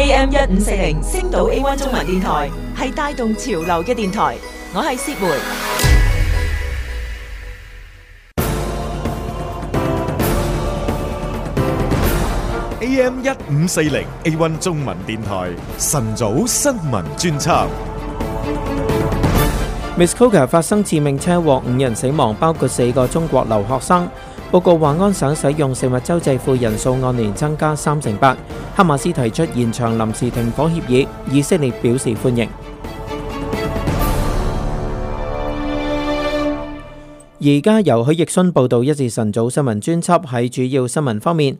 AM 一五四零星島 A1 中文電台係帶動潮流嘅電台，我係薛梅。AM 一五四零 A1 中文電台晨早新聞專輯，Mississauga 發生致命車禍，五人死亡，包括四個中國留學生。報告話安省使用食物周濟庫人數按年增加三成八。哈馬斯提出延長臨時停火協議，以色列表示歡迎。而家由許奕迅報道一至晨早新聞專輯。喺主要新聞方面，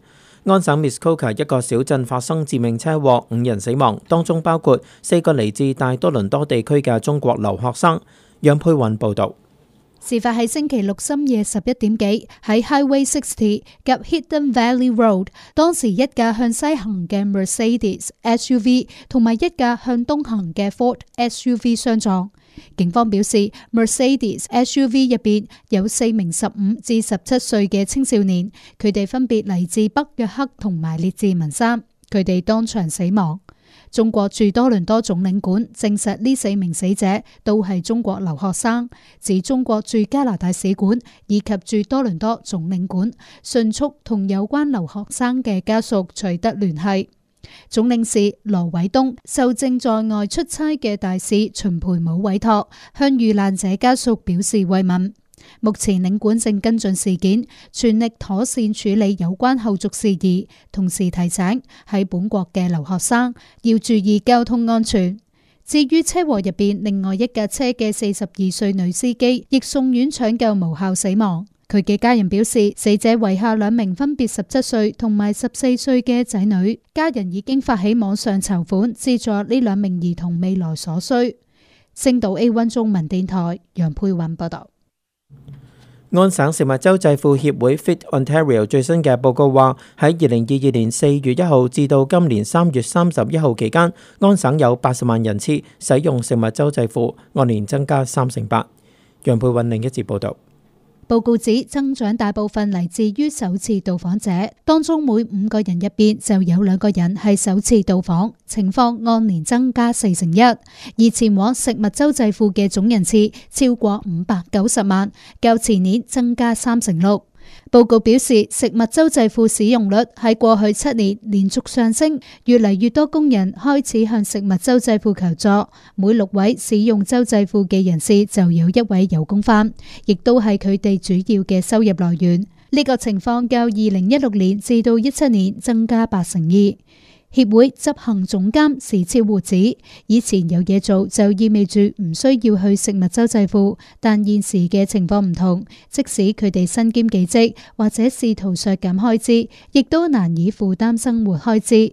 安省 Muskoka 一個小鎮發生致命車禍，五人死亡，當中包括四個嚟自大多倫多地區嘅中國留學生。楊佩雲報道。事發喺星期六深夜十一點幾喺 Highway Sixty 及 Hidden Valley Road，當時一架向西行嘅 Mercedes S U V 同埋一架向東行嘅 Ford S U V 相撞。警方表示，Mercedes S U V 入邊有四名十五至十七歲嘅青少年，佢哋分別嚟自北約克同埋列治文山，佢哋當場死亡。中國駐多倫多總領館證實，呢四名死者都係中國留學生。指中國駐加拿大使館以及駐多倫多總領館迅速同有關留學生嘅家屬取得聯繫。總領事羅偉東受正在外出差嘅大使秦培武委託，向遇難者家屬表示慰問。目前領館正跟進事件，全力妥善處理有關後續事宜，同時提醒喺本國嘅留學生要注意交通安全。至於車禍入邊，另外一架車嘅四十二歲女司機亦送院搶救無效死亡。佢嘅家人表示，死者遺下兩名分別十七歲同埋十四歲嘅仔女，家人已經發起網上籌款，資助呢兩名兒童未來所需。星島 A1 中文電台楊佩雲報道。安省食物周濟庫協會 Fit Ontario 最新嘅報告話，喺二零二二年四月一號至到今年三月三十一號期間，安省有八十萬人次使用食物周濟庫，按年增加三成八。楊佩韻另一節報道。報告指增長大部分嚟自於首次到訪者，當中每五個人入邊就有兩個人係首次到訪，情況按年增加四成一，而前往食物周濟庫嘅總人次超過五百九十萬，較前年增加三成六。報告表示，食物周濟庫使用率喺過去七年連續上升，越嚟越多工人開始向食物周濟庫求助。每六位使用周濟庫嘅人士就有一位有工返，亦都係佢哋主要嘅收入來源。呢個情況較二零一六年至到一七年增加八成二。協會執行總監時徹護指：以前有嘢做就意味住唔需要去食物周濟庫，但現時嘅情況唔同，即使佢哋身兼幾職，或者試圖削減開支，亦都難以負擔生活開支。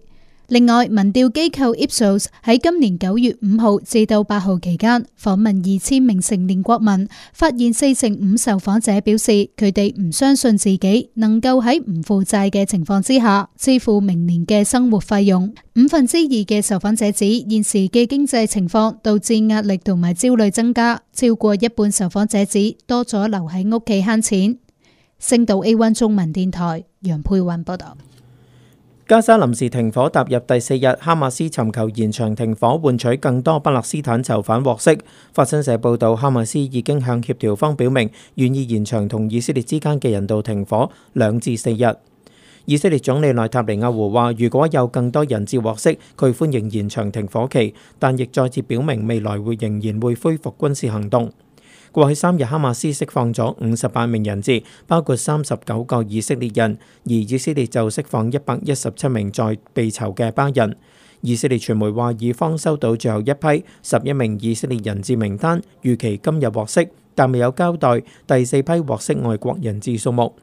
另外，民調機構 Ipsos 喺今年九月五號至到八號期間訪問二千名成年國民，發現四成五受訪者表示佢哋唔相信自己能夠喺唔負債嘅情況之下支付明年嘅生活費用。五分之二嘅受訪者指，現時嘅經濟情況導致壓力同埋焦慮增加，超過一半受訪者指多咗留喺屋企慳錢。星島 A1 中文電台楊佩雲報道。加沙臨時停火踏入第四日，哈馬斯尋求延長停火，換取更多巴勒斯坦囚犯獲釋。法新社報導，哈馬斯已經向協調方表明願意延長同以色列之間嘅人道停火兩至四日。以色列總理內塔尼亞胡話：如果有更多人質獲釋，佢歡迎延長停火期，但亦再次表明未來會仍然會恢復軍事行動。過去三日，哈馬斯釋放咗五十八名人質，包括三十九個以色列人，而以色列就釋放一百一十七名在被囚嘅巴人。以色列傳媒話，以方收到最後一批十一名以色列人質名單，預期今日獲釋，但未有交代第四批獲釋外國人質數目。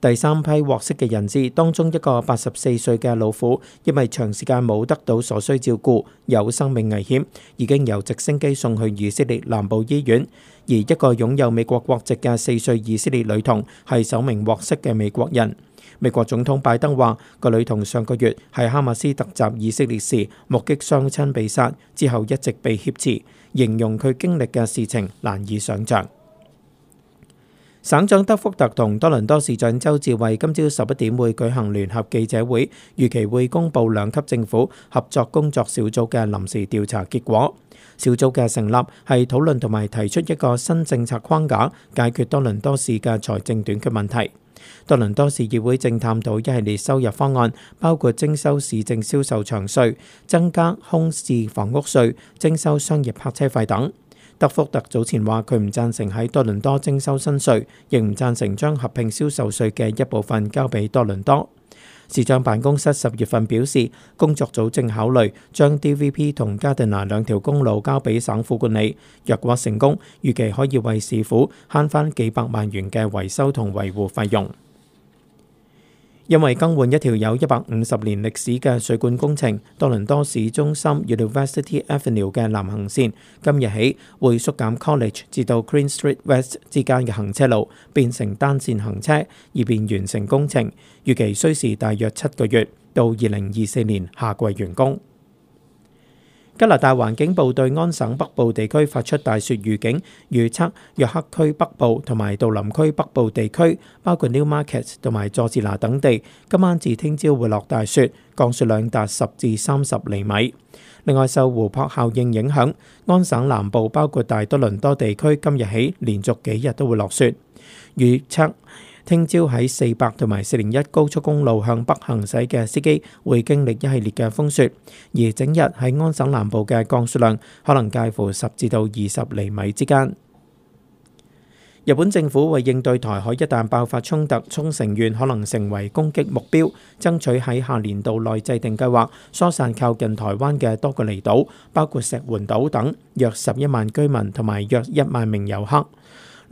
第三批獲釋嘅人士當中，一個八十四歲嘅老婦因為長時間冇得到所需照顧，有生命危險，已經由直升機送去以色列南部醫院。而一個擁有美國國籍嘅四歲以色列女童係首名獲釋嘅美國人。美國總統拜登話：個女童上個月喺哈馬斯特襲以色列時目擊雙親被殺，之後一直被挾持，形容佢經歷嘅事情難以想像。省長德福特同多倫多市長鄒至蕙今朝十一點會舉行聯合記者會，預期會公布兩級政府合作工作小組嘅臨時調查結果。小組嘅成立係討論同埋提出一個新政策框架，解決多倫多市嘅財政短缺問題。多倫多市議會正探討一系列收入方案，包括徵收市政銷售場稅、增加空置房屋稅、徵收商業泊車費等。.德福特早前話佢唔贊成喺多倫多徵，多徵收新稅，亦唔贊成將合併銷售稅嘅一部分交俾多倫多。市長辦公室十月份表示，工作組正考慮將 DVP 同加迪拿兩條公路交俾省府管理。若果成功，預期可以為市府慳翻幾百萬元嘅維修同維護費用。因為更換一條有一百五十年歷史嘅水管工程，多倫多市中心 University Avenue 嘅南行線，今日起會縮減 College 至到 Queen Street West 之間嘅行車路，變成單線行車，以便完成工程。預期需時大約七個月，到二零二四年夏季完工。加拿大環境部對安省北部地區發出大雪預警，預測約克區北部同埋杜林區北部地區，包括 Newmarket 同埋佐治拿等地，今晚至聽朝會落大雪，降雪量達十至三十厘米。另外，受湖泊效應影響，安省南部包括大多倫多地區，今日起連續幾日都會落雪，預測。聽朝喺四百同埋四零一高速公路向北行駛嘅司機會經歷一系列嘅風雪，而整日喺安省南部嘅降雪量可能介乎十至到二十厘米之間。日本政府為應對台海一旦爆發衝突，沖繩縣可能成為攻擊目標，爭取喺下年度內制定計劃疏散靠近台灣嘅多個離島，包括石垣島等約十一萬居民同埋約一萬名遊客。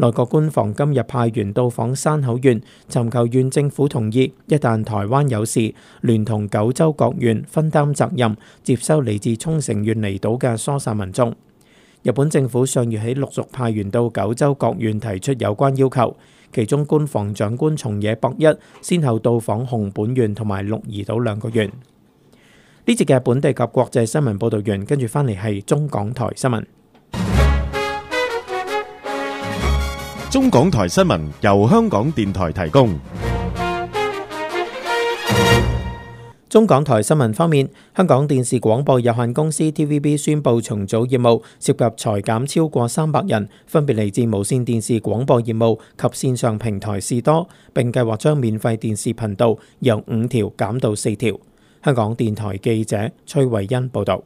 內閣官房今日派員到訪山口縣，尋求縣政府同意，一旦台灣有事，聯同九州各縣分擔責任，接收嚟自沖繩縣離島嘅疏散民眾。日本政府上月起陸續派員到九州各縣提出有關要求，其中官房長官松野博一先後到訪熊本縣同埋鹿兒島兩個縣。呢節嘅本地及國際新聞報道完，跟住翻嚟係中港台新聞。中港台新聞由香港電台提供。中港台新聞方面，香港電視廣播有限公司 TVB 宣佈重組業務，涉及裁減超過三百人，分別嚟自無綫電視廣播業務及綫上平台視多，並計劃將免費電視頻道由五條減到四條。香港電台記者崔慧欣報道。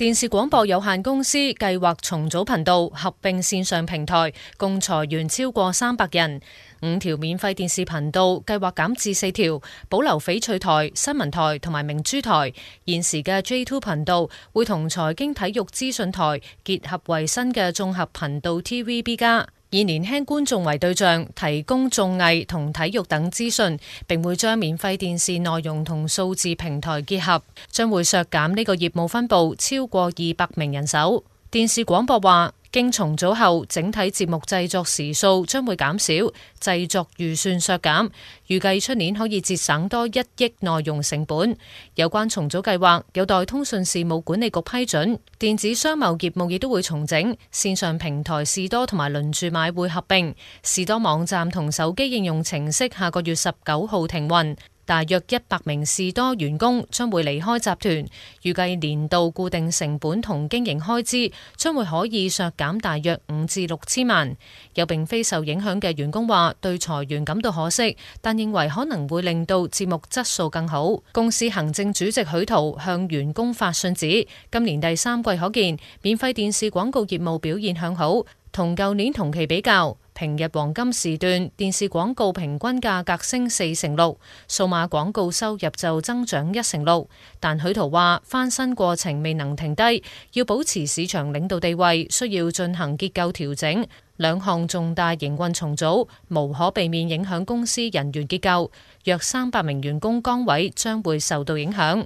電視廣播有限公司計劃重組頻道，合併綫上平台，共裁員超過三百人。五條免費電視頻道計劃減至四條，保留翡翠台、新聞台同埋明珠台。現時嘅 J Two 頻道會同財經體育資訊台結合為新嘅綜合頻道 TVB 加。以年輕觀眾為對象，提供綜藝同體育等資訊，並會將免費電視內容同數字平台結合，將會削減呢個業務分部超過二百名人手。電視廣播話，經重組後，整體節目製作時數將會減少，製作預算削減，預計出年可以節省多一億內容成本。有關重組計劃有待通訊事務管理局批准。電子商貿業務亦都會重整，線上平台士多同埋輪住買會合併，士多網站同手機應用程式下個月十九號停運。大約一百名士多員工將會離開集團，預計年度固定成本同經營開支將會可以削減大約五至六千萬。有並非受影響嘅員工話對裁員感到可惜，但認為可能會令到節目質素更好。公司行政主席許圖向員工發信指，今年第三季可見免費電視廣告業務表現向好。同舊年同期比較，平日黃金時段電視廣告平均價格升四成六，數碼廣告收入就增長一成六。但許圖話，翻身過程未能停低，要保持市場領導地位，需要進行結構調整。兩項重大營運重組無可避免影響公司人員結構，約三百名員工崗位將會受到影響。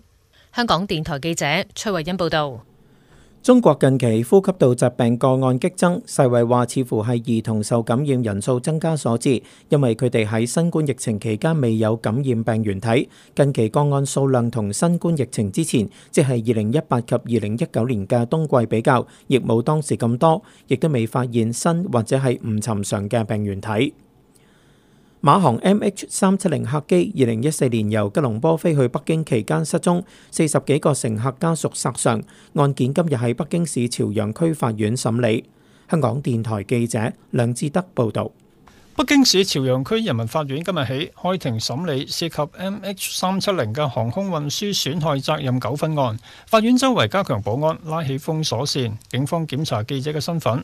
香港電台記者崔慧欣報導。中國近期呼吸道疾病個案激增，世衛話似乎係兒童受感染人數增加所致，因為佢哋喺新冠疫情期間未有感染病原體。近期個案數量同新冠疫情之前，即係二零一八及二零一九年嘅冬季比較，亦冇當時咁多，亦都未發現新或者係唔尋常嘅病原體。馬航 M H 三七零客機二零一四年，由吉隆坡飛去北京期間失蹤，四十幾個乘客家屬索償，案件今日喺北京市朝陽區法院審理。香港電台記者梁志德報道。北京市朝陽區人民法院今日起開庭審理涉及 M H 三七零嘅航空運輸損害責任糾紛案。法院周圍加強保安，拉起封鎖線，警方檢查記者嘅身份。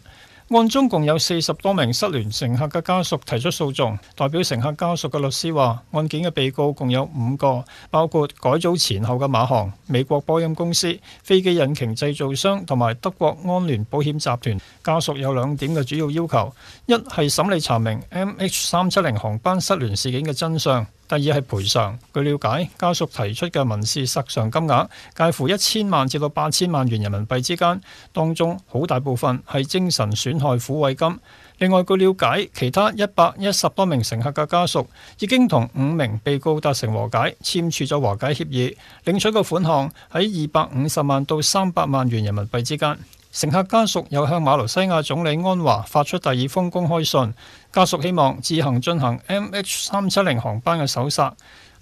案中共有四十多名失聯乘客嘅家屬提出訴訟，代表乘客家屬嘅律師話，案件嘅被告共有五個，包括改組前後嘅馬航、美國波音公司、飛機引擎製造商同埋德國安聯保險集團。家屬有兩點嘅主要要求，一係審理查明 MH 三七零航班失聯事件嘅真相。第二係賠償。據了解，家屬提出嘅民事賠償金額介乎一千萬至到八千萬元人民幣之間，當中好大部分係精神損害撫慰金。另外，據了解，其他一百一十多名乘客嘅家屬已經同五名被告達成和解，簽署咗和解協議，領取嘅款項喺二百五十萬到三百萬元人民幣之間。乘客家屬又向馬來西亞總理安華發出第二封公開信，家屬希望自行進行 M H 三七零航班嘅搜索。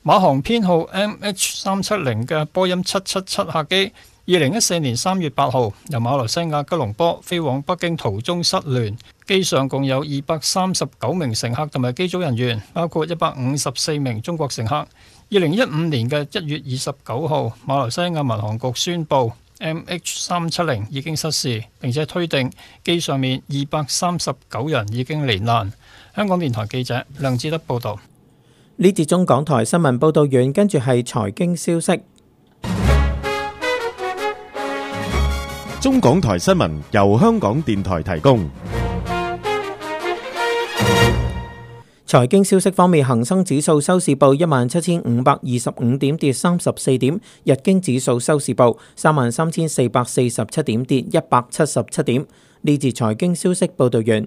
馬航編號 M H 三七零嘅波音七七七客機，二零一四年三月八號由馬來西亞吉隆坡飛往北京途中失聯，機上共有二百三十九名乘客同埋機組人員，包括一百五十四名中國乘客。二零一五年嘅一月二十九號，馬來西亞民航局宣布。MH 三七零已經失事，並且推定機上面二百三十九人已經罹難。香港電台記者梁志德報道。呢節中港台新聞報道完，跟住係財經消息。中港台新聞由香港電台提供。財經消息方面，恒生指數收市報一萬七千五百二十五點，跌三十四點；日經指數收市報三萬三千四百四十七點，跌一百七十七點。呢節財經消息報道完。